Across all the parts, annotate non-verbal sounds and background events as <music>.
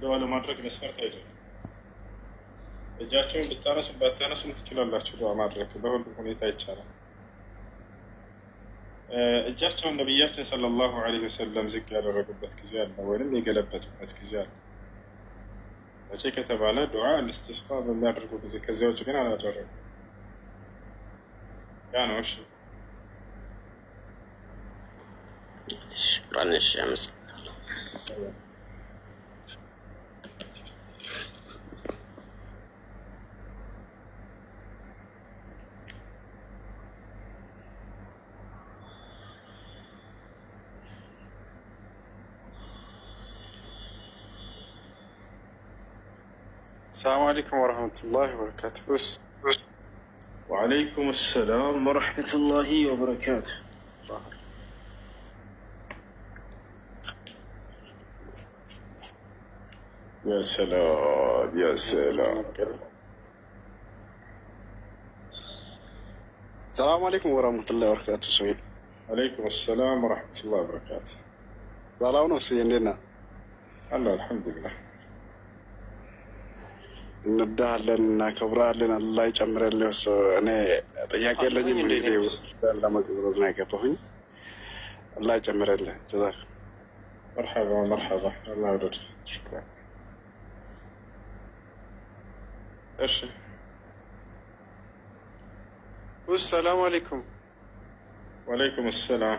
ዱዓ ለማድረግ መስፈርት አይደለም። እጃቸውን ብታነሱ ባታነሱም ትችላላችሁ። ዱዓ ማድረግ በሁሉ ሁኔታ ይቻላል። እጃቸውን ነቢያችን ሰለላሁ ዐለይሂ ወሰለም ዝግ ያደረጉበት ጊዜ አለ፣ ወይም የገለበጡበት ጊዜ አለ። መቼ ከተባለ ዱዓ ልስቲስቃ በሚያደርጉ ጊዜ። ከዚያ ውጭ ግን አላደረጉ። ያ ነው። እሺ ሽኩራን። ሽ አመሰግናለሁ። السلام عليكم ورحمة الله وبركاته بس. بس. وعليكم السلام ورحمة الله وبركاته يا سلام يا سلام السلام عليكم ورحمة الله وبركاته سويد عليكم السلام ورحمة الله وبركاته لا لا ونسي لنا الله الحمد لله እንወዳለን፣ እናከብራለን። አላህ ይጨምረልህ። እኔ ጥያቄ የለኝም። እንግዲህ ለመግብሮዝ ነው የገባሁኝ። አላህ ይጨምረልህ። ጀዛክ መርሐባ መርሐባ። አላህ ወደድ ሽኩራን። እሺ ሰላም አለይኩም። ወአለይኩም ሰላም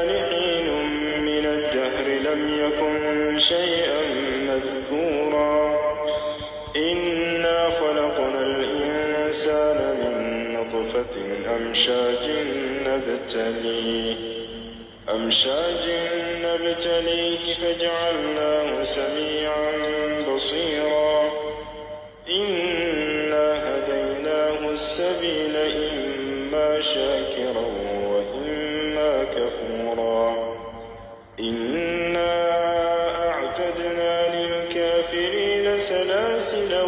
أمشاج نبتليه أمشاج نبتليه فجعلناه سميعا بصيرا إنا هديناه السبيل إما شاكرا وإما كفورا إنا أعتدنا للكافرين سلاسل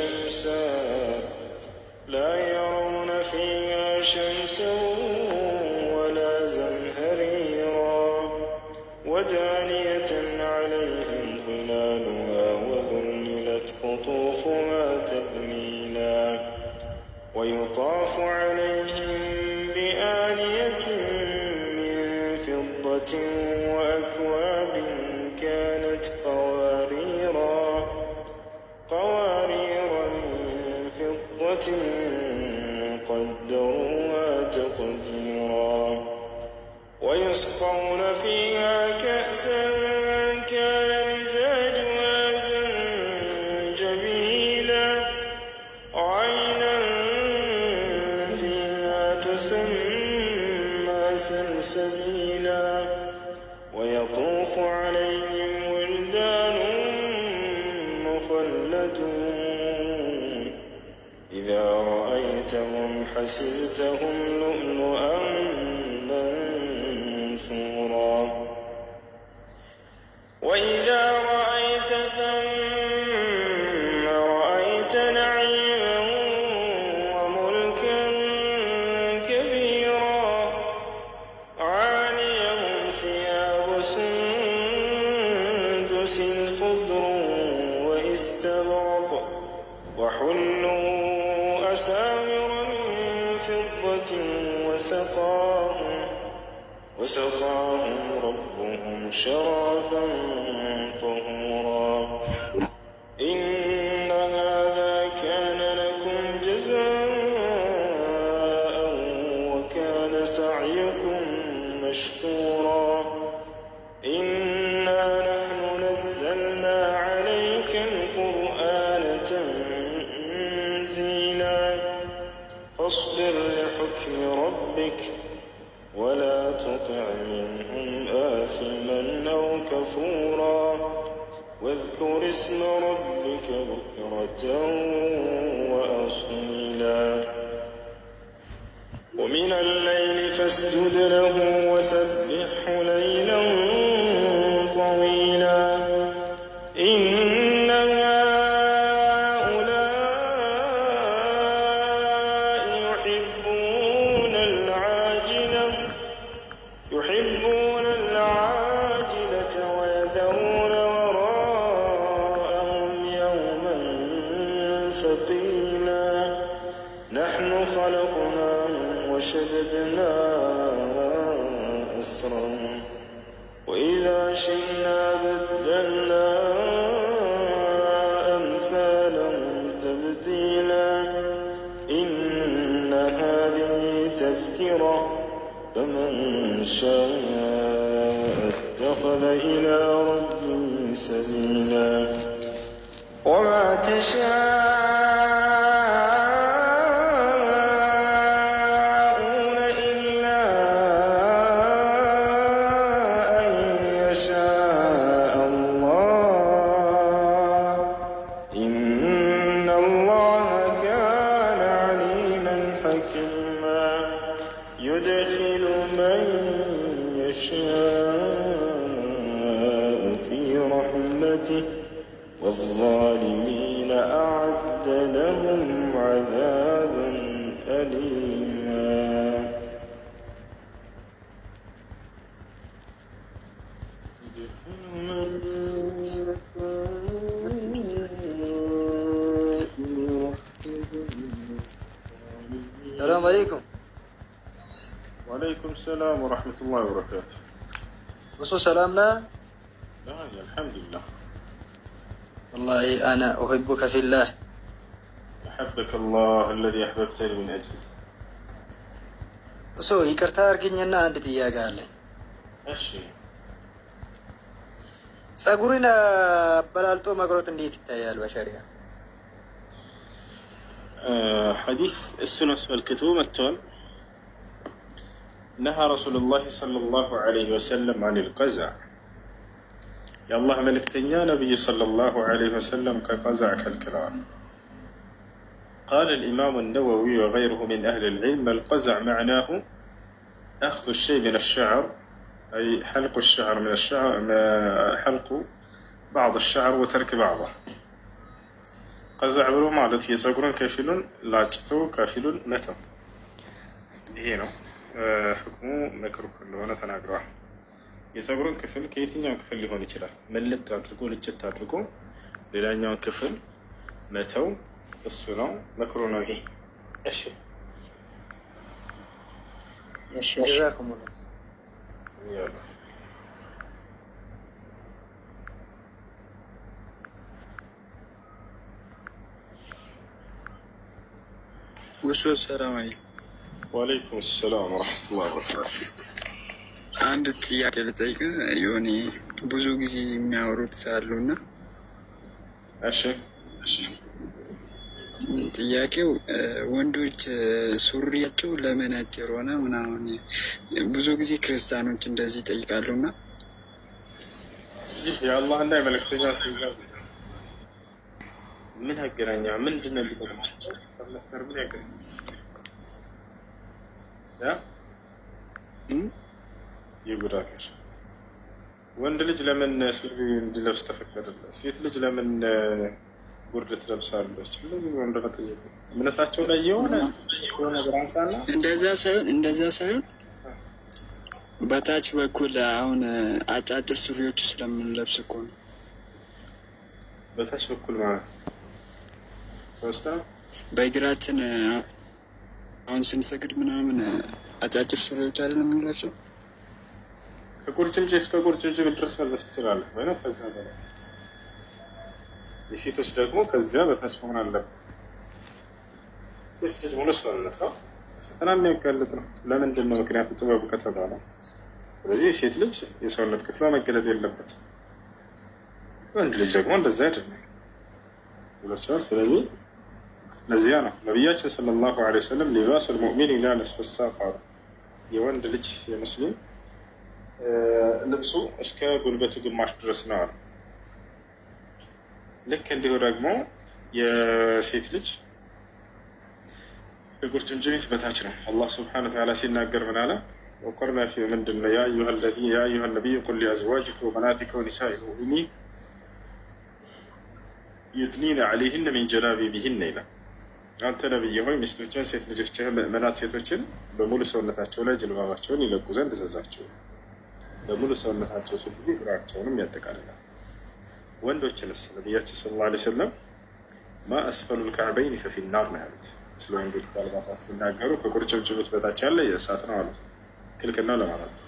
I'm sorry. سبيلا عينا فيها تسمى سلسبيلا ويطوف عليهم ولدان مخلدون إذا رأيتهم حسبتهم استبرق وحلوا أساور من فضة وسقاهم وسقاهم ربهم شرابا واذكر اسم ربك بكرة وأصيلا ومن الليل فاسجد له وسبح ليلا بنعمته والظالمين أعد لهم عذابا أليما السلام عليكم وعليكم السلام ورحمة الله وبركاته وصل سلامنا والله أنا أحبك في الله أحبك الله الذي أحببتني من اجلي سو يكرتار كنينا عند تيا قال أشي ساقورينا بلالتو مقرات اللي تتايا البشرية أه حديث السنس والكتوم التون نهى رسول الله صلى الله عليه وسلم عن القزع يا الله ملك تنيا نبي صلى الله عليه وسلم كقزع كالكرام قال الإمام النووي وغيره من أهل العلم القزع معناه أخذ الشيء من الشعر أي حلق الشعر من الشعر حلق بعض الشعر وترك بعضه قزع بروما التي يسقرون كافل لا تتو كافل متى هنا حكم مكروه كله ونتنا የፀጉሩን ክፍል ከየትኛው ክፍል ሊሆን ይችላል? መልጥ አድርጎ ልጭት አድርጎ ሌላኛውን ክፍል መተው እሱ ነው መክሮ ነው ይሄ። እሺ ወሶ ሰላም አለይኩም። ወአለይኩም ሰላም ወረሕመቱላሂ ወበረካቱህ አንድ ጥያቄ ልጠይቅ። የሆነ ብዙ ጊዜ የሚያወሩት ሳሉ እና ጥያቄው ወንዶች ሱሪያቸው ለምን አጭር ሆነ ምናምን ብዙ ጊዜ ክርስቲያኖች እንደዚህ ይጠይቃሉ እና ይህ የአላህ እና የመለክተኛ ትእዛዝ ምን ያገናኛ? ምንድን ነው የሚጠቅማቸው? ምን ያገናኛ? የጉድ ሀገር። ወንድ ልጅ ለምን ሱሪ እንዲለብስ ተፈቀደለ? ሴት ልጅ ለምን ጉርድ ትለብሳለች? እንደዚህ ነው እንደመጠየቅ እምነታቸው ላይ የሆነ የሆነ ነገር አንሳና እንደዛ ሳይሆን እንደዛ ሳይሆን በታች በኩል አሁን አጫጭር ሱሪዎች ስለምንለብስ እኮ ነው። በታች በኩል ማለት ወስታ በእግራችን አሁን ስንሰግድ ምናምን አጫጭር ሱሪዎች አለን የምንለብሰው ከቁርጭምጭ እስከ ቁርጭምጭ ድረስ መልበስ ትችላለህ ወይ ነው። ከዛ በላይ የሴቶች ደግሞ ከዚያ በታች መሆን አለብህ። ሴት ልጅ ሙሉ ሰውነት ነው። የሚያጋልጥ ነው። ለምንድን ነው ምክንያቱ ጥበቡ ከተባለ ስለዚህ የሴት ልጅ የሰውነት ክፍሏ መገለጥ የለበትም። ወንድ ልጅ ደግሞ እንደዛ አይደለም ብሎችዋል። ስለዚህ ለዚያ ነው ነቢያችን ሰለላሁ ዐለይሂ ወሰለም ሊባስ ልሙእሚን ላ ነስፈሳ ቃሉ የወንድ ልጅ የሙስሊም ልብሱ እስከ ጉልበቱ ግማሽ ድረስ ነው አሉ። ልክ እንዲሁ ደግሞ የሴት ልጅ የቁርጭምጭሚት በታች ነው። አላህ ስብሐነሁ ወተዓላ ሲናገር ምን አለ? ወቀርና ፊ ምንድን ነው ያ አዩሃ ነቢይ ቁል ሊአዝዋጅከ ወበናቲከ ወኒሳኢ ልሙእሚኒን ዩትኒነ ዐለይሂነ ሚን ጀላቢቢሂነ ይላል። አንተ ነብይ ሆይ ሚስቶችን፣ ሴት ልጆችህን፣ ምእመናት ሴቶችን በሙሉ ሰውነታቸው ላይ ጅልባባቸውን ይለቁ ዘንድ እዘዛቸው። በሙሉ ሰውነታቸው ሲል ጊዜ እግራቸውንም ያጠቃልላል። ወንዶችንስ ነቢያችን ስለ ላ ስለም ማ አስፈሉል ከዕበይን ፈፊናር ነው ያሉት። ስለ ወንዶች አልባሳት ሲናገሩ ከቁርጭምጭሚት በታች ያለ የእሳት ነው አሉ። ክልክና ለማለት ነው።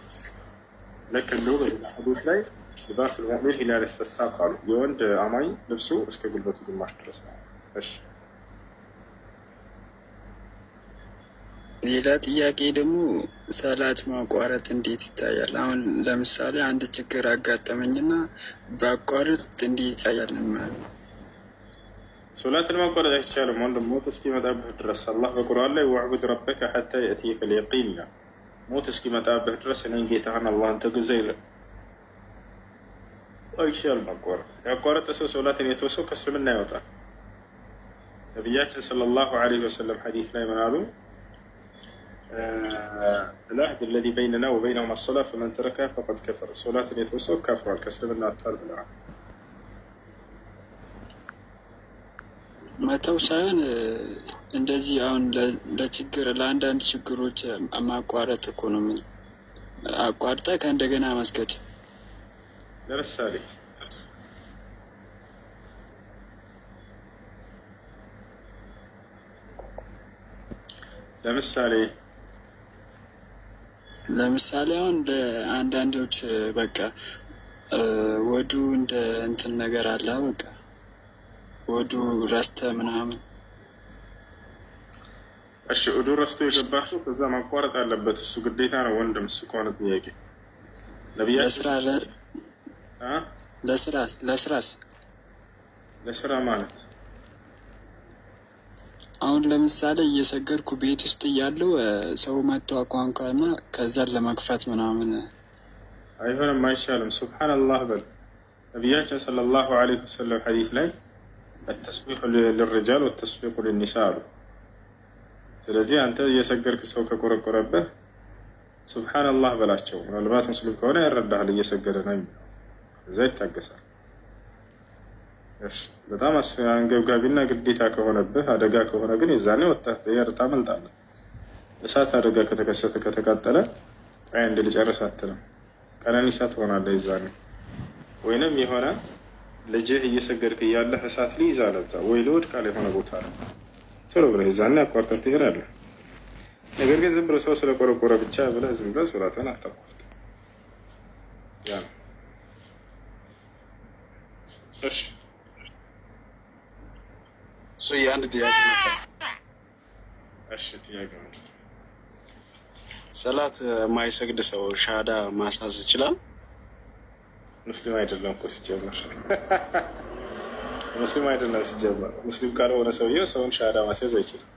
ልክ እንዲሁ በሌላ ሐዲስ ላይ ልባሱል ሙእሚን ሂላል ፈሳቅ አሉ። የወንድ አማኝ ልብሱ እስከ ጉልበቱ ግማሽ ድረስ ነው። እሺ ሌላ ጥያቄ ደግሞ ሰላት ማቋረጥ እንዴት ይታያል? አሁን ለምሳሌ አንድ ችግር አጋጠመኝና ባቋረጥ እንዴት ይታያል? ሶላትን ማቋረጥ አይቻልም ወንድም፣ ሞት እስኪመጣብህ ድረስ አላህ በቁርአን ላይ ዋዕቡድ ረበከ ሐታ የእትየከል የቂን ይላል። ሞት እስኪመጣብህ ድረስ እኔን ጌታህን አላህን ተገዛ ይላል። አይቻልም ማቋረጥ። ያቋረጠ ሰው ሶላትን የተወሰው ከእስልምና ያወጣል። ነቢያችን ሰለላሁ ዐለይሂ ወሰለም ሐዲስ ላይ ምን አሉ? العهد الذي بيننا وبينهما الصلاة فمن تركها فقد كفر ሶላትን የተወሰው ካፍሯል ከእስልምና አጥቷል ብለዋል። መተው ሳይሆን እንደዚህ አሁን ለችግር ለአንዳንድ ችግሮች ማቋረጥ እኮ ነው። አቋርጠ ከእንደገና መስገድ ለምሳሌ ለምሳሌ ለምሳሌ አሁን እንደ አንዳንዶች በቃ ወዱ እንደ እንትን ነገር አለ በቃ ወዱ ረስተ ምናምን እሺ ወዱ ረስቶ የገባ ሰው ከዛ ማቋረጥ አለበት። እሱ ግዴታ ነው ወንድም። እሱ ከሆነ ጥያቄ ለስራ ለስራስ ለስራ ማለት አሁን ለምሳሌ እየሰገድኩ ቤት ውስጥ እያለው ሰው መጥቶ አኳንኳና ከዛን ለመክፈት ምናምን አይሆንም፣ አይቻልም። ሱብሓነላህ በል። ነቢያችን ሰለላሁ ዐለይሂ ወሰለም ሐዲስ ላይ ተስቢሑ ልርጃል ወተስቢቁ ልኒሳ አሉ። ስለዚህ አንተ እየሰገድክ ሰው ከቆረቆረበህ ሱብሓነላህ በላቸው። ምናልባት ሙስሊም ከሆነ ያረዳሃል፣ እየሰገደ ነው የሚለው እዛ ይታገሳል። በጣም አንገብጋቢና ግዴታ ከሆነብህ አደጋ ከሆነ ግን የዛኔ ወጣት በየርጣ መልጣለህ። እሳት አደጋ ከተከሰተ ከተቃጠለ ይ እንደ ልጨርስ አትልም። ቀነኒሳ ትሆናለህ የዛኔ ወይንም የሆነ ልጅህ እየሰገድክ እያለህ እሳት ሊይዝ አለዛ ወይ ልወድ ቃል የሆነ ቦታ ነው ቶሎ ብለህ የዛኔ አቋርጠህ ትሄዳለህ። ነገር ግን ዝም ብለህ ሰው ስለቆረቆረ ብቻ ብለህ ዝም ብለህ ሶላትን አታቋርጥ። ያ ነው። እሺ እሱ የአንድ ጥያቄ ነበር። እሺ ጥያቄ ሰላት የማይሰግድ ሰው ሻሃዳ ማሳዝ ይችላል? ሙስሊም አይደለም እኮ ሲጀመር፣ ሙስሊም አይደለም ሲጀመር። ሙስሊም ካልሆነ ሰውየው ሰውን ሻሃዳ ማስያዝ አይችልም።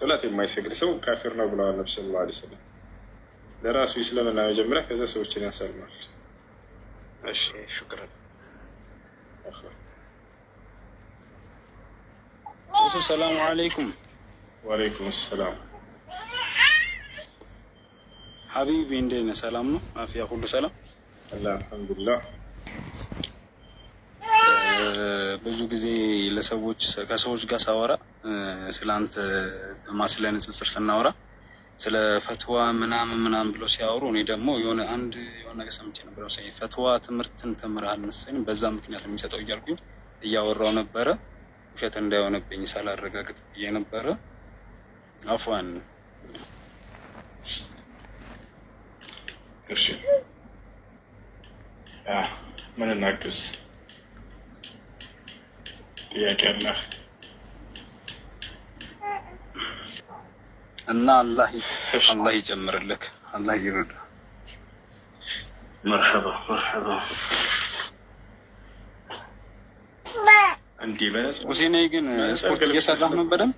ሶላት የማይሰግድ ሰው ካፊር ነው ብለዋል ነብዩ ሰለላሁ ዐለይሂ ወሰለም። ለራሱ ይስለምና መጀመሪያ ከዛ ሰዎችን ያሰልማል። እሺ ሹክራን እሱ ሰላሙ አለይኩም ወአለይኩም ሰላም። ሀቢቢ እንዴት ነህ? ሰላም ነው? አፍያ ሁሉ ሰላም? አልሐምዱሊላህ። ብዙ ጊዜ ለሰዎች ከሰዎች ጋር ሳወራ ስለ አንተ ስለ ንጽጽር ስናወራ ስለ ፈትዋ ምናምን ምናምን ብሎ ሲያወሩ እኔ ደግሞ የሆነ አንድ የሆነ ነገር ሰምቼ ነበር መሰለኝ ፈትዋ ትምህርትን ተምረሃል መሰለኝ በዛ ምክንያት የሚሰጠው እያልኩኝ እያወራው ነበረ ውሸት እንዳይሆንብኝ ሳላረጋግጥ ብዬ ነበረ። አፏን እሺ፣ ምን እናግዝ? ጥያቄ አለ እና አላህ ይጨምርልክ፣ አላህ ይረዳ። መርሐባ መርሐባ ሁሴኔ ግን ስፖርት እየሰራህ ነው በደንብ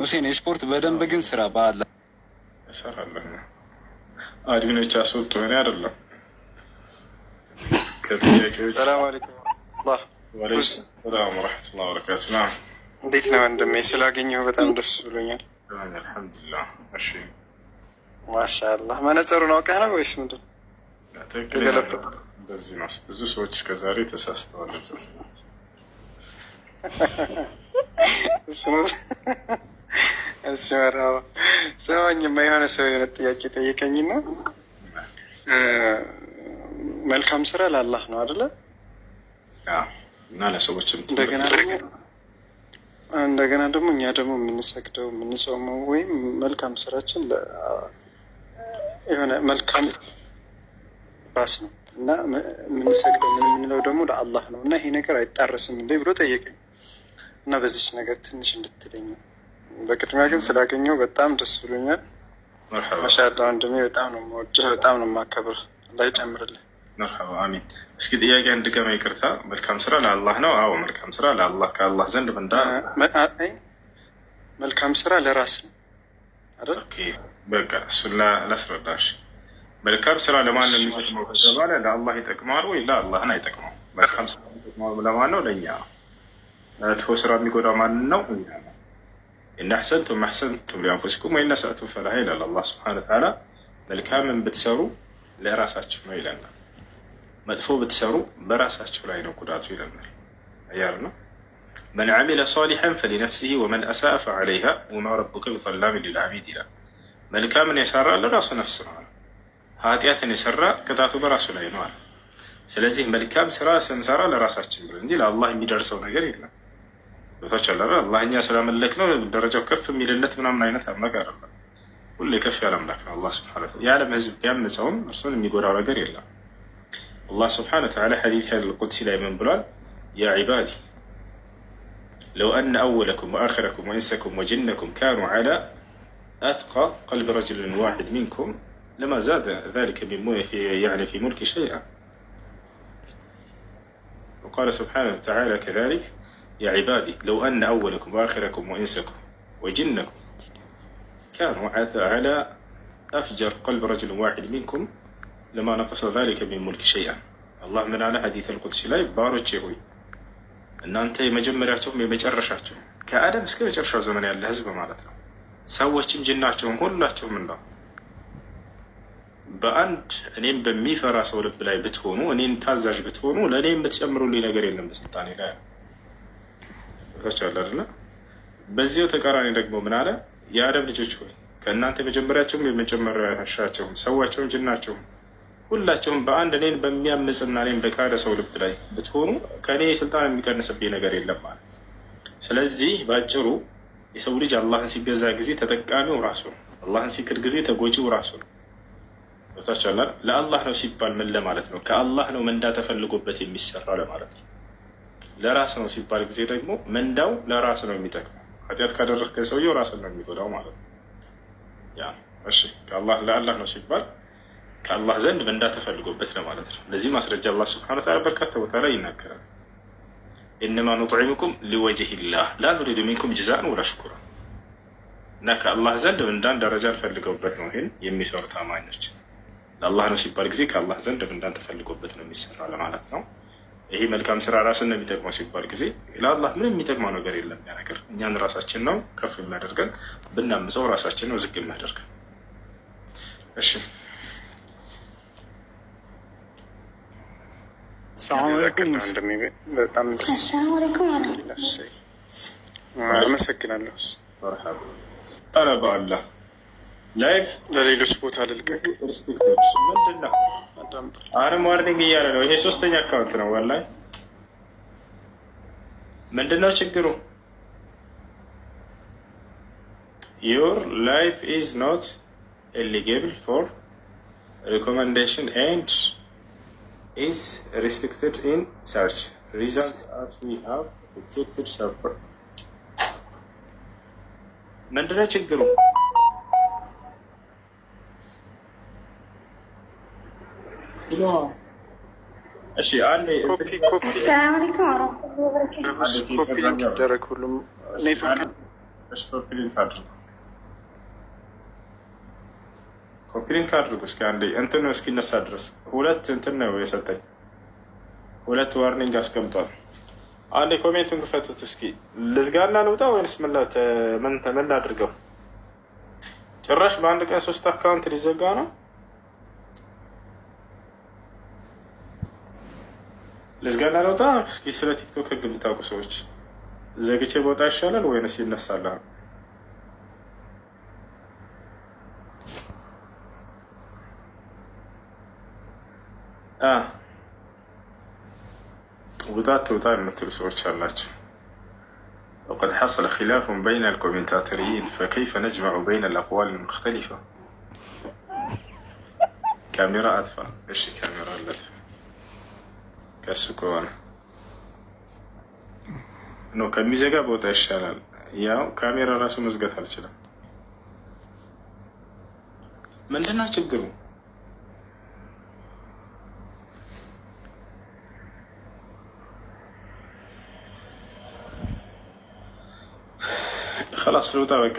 ሁሴኔ ስፖርት በደንብ ግን ስራ በአለ እሰራለሁ። አድሚኖች አስወጡ ሆኔ አይደለም። <laughs> ሰላም አለይኩም ረመቱላ በረካቱ። እንዴት ነው ወንድሜ? ስላገኘሁ በጣም ደስ ብሎኛል። አልሐምዱላ ማሻአላህ። መነጽሩን አውቀህ ነው ወይስ ምንድን ነው? ለዚህ ነው ብዙ ሰዎች ከዛሬ ተሳስተዋል። ሰማኝ የሆነ ሰው የሆነ ጥያቄ ጠየቀኝና መልካም ስራ ለአላህ ነው አደለ? እና ለሰዎችም እንደገና ደግሞ እንደገና ደግሞ እኛ ደግሞ የምንሰግደው የምንጾመው ወይም መልካም ስራችን የሆነ መልካም ራስ ነው እና የምንሰግደው ምን የምንለው ደግሞ ለአላህ ነው እና ይሄ ነገር አይጣረስም እንዴ ብሎ ጠየቀኝ እና በዚች ነገር ትንሽ እንድትለኝ። በቅድሚያ ግን ስላገኘው በጣም ደስ ብሎኛል። ማሻላ ወንድሜ፣ በጣም ነው የምወድህ፣ በጣም ነው የማከብር። አላህ ይጨምርልህ። መርሐባ አሚን። እስኪ ጥያቄ እንድገማ፣ ይቅርታ። መልካም ስራ ለአላህ ነው? አዎ፣ መልካም ስራ ለአላህ ከአላህ ዘንድ ምንዳ መልካም ስራ ለራስ ነው አይደል? በቃ እሱን ላስረዳሽ መልካም ስራ ለማንም ከተባለ ለአላህ ይጠቅማል ወይ? ለአላህን አይጠቅመው። መልካም ስራ ይጠቅማል ለማን ነው? ለእኛ። መጥፎ ስራ የሚጎዳ ማንን ነው? እኛ ነው። ኢነ አሕሰንቱም አሕሰንቱም ሊአንፉሲኩም ወኢነ ሰእቱም ፈላሃ ይላል አላህ ስብሐነ ወተዓላ። መልካምን ብትሰሩ ለራሳችሁ ነው ይለናል። መጥፎ ብትሰሩ በራሳችሁ ላይ ነው ጉዳቱ ይለናል። አያር ነው መን ዐሚለ ሷሊሐን ፈሊነፍሲሂ ወመን አሳአ ፈዐለይሃ ወማ ረቡከ ቢጠላሚን ሊልዐቢድ ይላል። መልካምን የሰራ ለራሱ ነፍስ ነው ኃጢአትን የሰራ ቅጣቱ በራሱ ላይ ነው አለ። ስለዚህ መልካም ስራ ስንሰራ ለራሳችን ብለን እንጂ ለአላህ የሚደርሰው ነገር የለም። ቦታች አለ አላህ እኛ ስላመለክ ነው ደረጃው ከፍ የሚልለት ምናምን አይነት አምላክ አይደለም። ሁሌ ከፍ ያለ አምላክ ነው አላህ ስብሐነ ወተዓላ። የዓለም ህዝብ ቢያንጸውም እርሱን የሚጎዳው ነገር የለም። አላህ ስብሐነ ወተዓላ ሐዲስ አልቁድሲ ላይ ምን ብሏል? ያ ዒባዲ ለው አነ አወለኩም ወአኽረኩም ወኢንሰኩም ወጅነኩም ካኑ ዐላ አትቃ ቀልብ ረጅልን ዋሒድ ሚንኩም لما زاد ذلك من في يعني في ملك شيئا وقال سبحانه وتعالى كذلك يا عبادي لو أن أولكم وآخركم وإنسكم وجنكم كانوا على أفجر قلب رجل واحد منكم لما نقص ذلك من ملك شيئا الله من على حديث القدس لا يبارو تشيوي أن أنت مجمرة أمي مجرة شاكتو كآدم سكي مجرة شاكتو من يالله زبا مالتا سوى جناتو من كل من الله በአንድ እኔም በሚፈራ ሰው ልብ ላይ ብትሆኑ፣ እኔን ታዛዥ ብትሆኑ፣ ለእኔ የምትጨምሩልኝ ነገር የለም በስልጣኔ ላይ ቻለ። በዚሁ ተቃራኒ ደግሞ ምን አለ? የአደም ልጆች ሆይ ከእናንተ የመጀመሪያቸውም የመጨመሪያሻቸውም ሰዋቸውም ጅናቸውም ሁላቸውም በአንድ እኔን በሚያምፅና እኔን በካደ ሰው ልብ ላይ ብትሆኑ ከእኔ ስልጣን የሚቀንስብኝ ነገር የለም አለ። ስለዚህ በአጭሩ የሰው ልጅ አላህን ሲገዛ ጊዜ ተጠቃሚው ራሱ ነው። አላህን ሲክድ ጊዜ ተጎጂው ራሱ ነው። ታቻላል ለአላህ ነው ሲባል ምን ለማለት ነው? ከአላህ ነው መንዳ ተፈልጎበት የሚሰራ ለማለት ነው። ለራስ ነው ሲባል ጊዜ ደግሞ መንዳው ለራስ ነው የሚጠቅመው። ኃጢአት ካደረግከ ሰውየው ራስ ነው የሚጎዳው ማለት ነው። ያ እሺ፣ ለአላህ ነው ሲባል ከአላህ ዘንድ መንዳ ተፈልጎበት ለማለት ነው። ለዚህ ማስረጃ አላህ ሱብሓነሁ ወተዓላ በርካታ ቦታ ላይ ይናገራል። ኢነማ ኑጥዒሙኩም ሊወጅሂላህ ላ ኑሪዱ ሚንኩም ጅዛን ወላ ሽኩራ እና ከአላህ ዘንድ ምንዳን ደረጃ እንፈልገውበት ነው ይህን የሚሰሩ ታማኞች ለአላህ ነው ሲባል ጊዜ ከአላህ ዘንድ ምንዳን ተፈልጎበት ነው የሚሰራ ለማለት ነው። ይሄ መልካም ስራ ራስን ነው የሚጠቅመው ሲባል ጊዜ ለአላህ ምንም የሚጠቅመው ነገር የለም። ያ ነገር እኛን ራሳችን ነው ከፍ የሚያደርገን፣ ብናምፀው ራሳችን ነው ዝግ የሚያደርገን። እሺ አመሰግናለሁ። ላይፍ ለሌሎች ቦታ ልልቀቅ። ሪስትሪክቶች ምንድን ነው? አሁንም ዋርኒንግ እያለ ነው። ይሄ ሶስተኛ አካውንት ነው። ወላሂ ምንድን ነው ችግሩ? ዩር ላይፍ ኢዝ ኖት ኤሊጌብል ፎር ሪኮመንዴሽን ኤንድ ኢዝ ሪስትሪክትድ ኢን ሰርች ሪዛልት አር ዊ ሃቭ ምንድን ነው ችግሩ? እሺ አንዴ ኮፒ ኮፒ ኮፒ ሊንክ ይደረግ ሁሉም ኔትወርክ። ኮፒ ሊንክ አድርጉ፣ ኮፒ ሊንክ አድርጉ። እስኪ አንዴ እንትን ነው እስኪነሳ ድረስ ሁለት እንትን ነው የሰጠኝ፣ ሁለት ዋርኒንግ አስቀምጧል። አንዴ ኮሜንቱን ክፈቱት እስኪ። ልዝጋና ልውጣ ወይንስ ምን ላድርገው? ጭራሽ በአንድ ቀን ሶስት አካውንት ሊዘጋ ነው። ልዝጋና ለውጣ። እስኪ ስለ ቲክቶክ ህግ የምታውቁ ሰዎች ዘግቼ በወጣ ይሻላል ወይንስ ይነሳል? ውጣ ትውጣ የምትሉ ሰዎች አላቸው። ወቀድ ሐሰለ ኪላፉን በይነ አልኮሜንታተሪይን ፈከይፈ ነጅመዑ በይነ አልአቅዋል አልሙክተሊፋ ካሜራ አጥፋ። እሺ ካሜራ ከሱ ከሆነ ነው ከሚዘጋ ቦታ ይሻላል። ያው ካሜራ ራሱ መዝጋት አልችልም። ምንድነው ችግሩ? ከላስ ልውጣ በቃ።